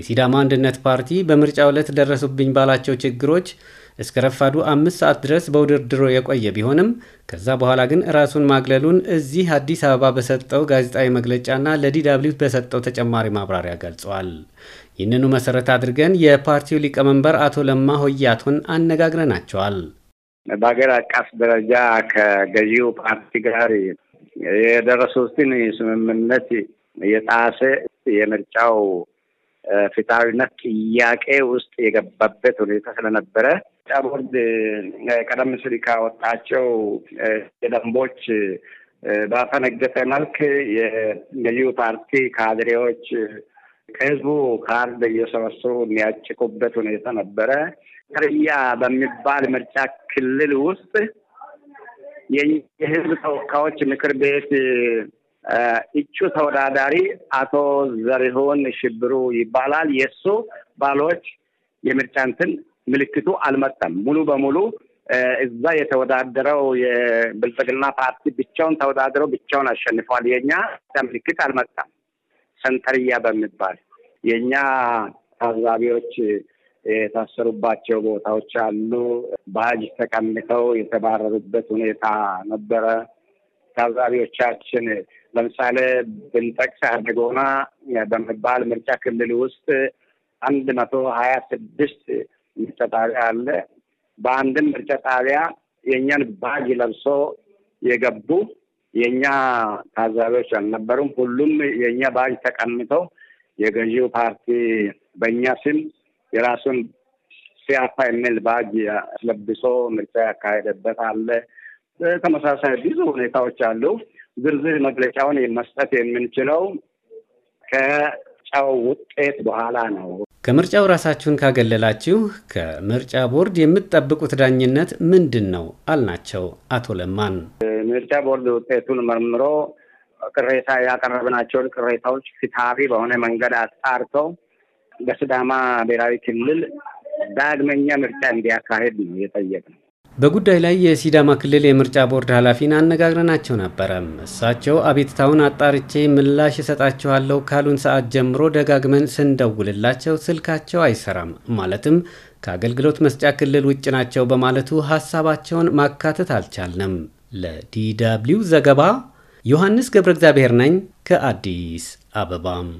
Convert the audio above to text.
የሲዳማ አንድነት ፓርቲ በምርጫው ዕለት ደረሱብኝ ባላቸው ችግሮች እስከ ረፋዱ አምስት ሰዓት ድረስ በውድድሮ የቆየ ቢሆንም ከዛ በኋላ ግን ራሱን ማግለሉን እዚህ አዲስ አበባ በሰጠው ጋዜጣዊ መግለጫና ለዲዳብሊው በሰጠው ተጨማሪ ማብራሪያ ገልጿል። ይህንኑ መሰረት አድርገን የፓርቲው ሊቀመንበር አቶ ለማ ሆያቶን አነጋግረናቸዋል። በሀገር አቀፍ ደረጃ ከገዢው ፓርቲ ጋር የደረሱትን ስምምነት የጣሰ የምርጫው ፍትሐዊነት ጥያቄ ውስጥ የገባበት ሁኔታ ስለነበረ ምርጫ ቦርድ ቀደም ሲል ካወጣቸው የደንቦች ባፈነገጠ መልክ የገዢው ፓርቲ ካድሬዎች ከህዝቡ ካርድ እየሰበሰቡ የሚያጭቁበት ሁኔታ ነበረ። ቅርያ በሚባል ምርጫ ክልል ውስጥ የህዝብ ተወካዮች ምክር ቤት እጩ ተወዳዳሪ አቶ ዘሪሁን ሽብሩ ይባላል። የእሱ ባሎች የምርጫ እንትን ምልክቱ አልመጣም። ሙሉ በሙሉ እዛ የተወዳደረው የብልጽግና ፓርቲ ብቻውን ተወዳድረው ብቻውን አሸንፏል። የኛ ምልክት አልመጣም። ሰንተርያ በሚባል የእኛ ታዛቢዎች የታሰሩባቸው ቦታዎች አሉ። ባጅ ተቀምተው የተባረሩበት ሁኔታ ነበረ። ታዛቢዎቻችን ለምሳሌ ብንጠቅስ አርነጎና በሚባል ምርጫ ክልል ውስጥ አንድ መቶ ሀያ ስድስት ምርጫ ጣቢያ አለ። በአንድም ምርጫ ጣቢያ የእኛን ባጅ ለብሶ የገቡ የእኛ ታዛቢዎች አልነበሩም። ሁሉም የእኛ ባጅ ተቀምተው የገዢው ፓርቲ በእኛ ስም የራሱን ሲያፋ የሚል ባጅ አስለብሶ ምርጫ ያካሄደበት አለ። ተመሳሳይ ብዙ ሁኔታዎች አሉ። ዝርዝር መግለጫውን መስጠት የምንችለው ከምርጫው ውጤት በኋላ ነው። ከምርጫው ራሳችሁን ካገለላችሁ ከምርጫ ቦርድ የምትጠብቁት ዳኝነት ምንድን ነው አልናቸው አቶ ለማን። ምርጫ ቦርድ ውጤቱን መርምሮ ቅሬታ ያቀረብናቸውን ቅሬታዎች ፍትሐዊ በሆነ መንገድ አጣርተው በስዳማ ብሔራዊ ክልል ዳግመኛ ምርጫ እንዲያካሄድ ነው የጠየቅነው። በጉዳይ ላይ የሲዳማ ክልል የምርጫ ቦርድ ኃላፊን አነጋግረናቸው ነበረ። እሳቸው አቤትታውን አጣርቼ ምላሽ እሰጣችኋለሁ ካሉን ሰዓት ጀምሮ ደጋግመን ስንደውልላቸው ስልካቸው አይሰራም፣ ማለትም ከአገልግሎት መስጫ ክልል ውጭ ናቸው በማለቱ ሀሳባቸውን ማካተት አልቻልንም። ለዲደብሊው ዘገባ ዮሐንስ ገብረ እግዚአብሔር ነኝ ከአዲስ አበባም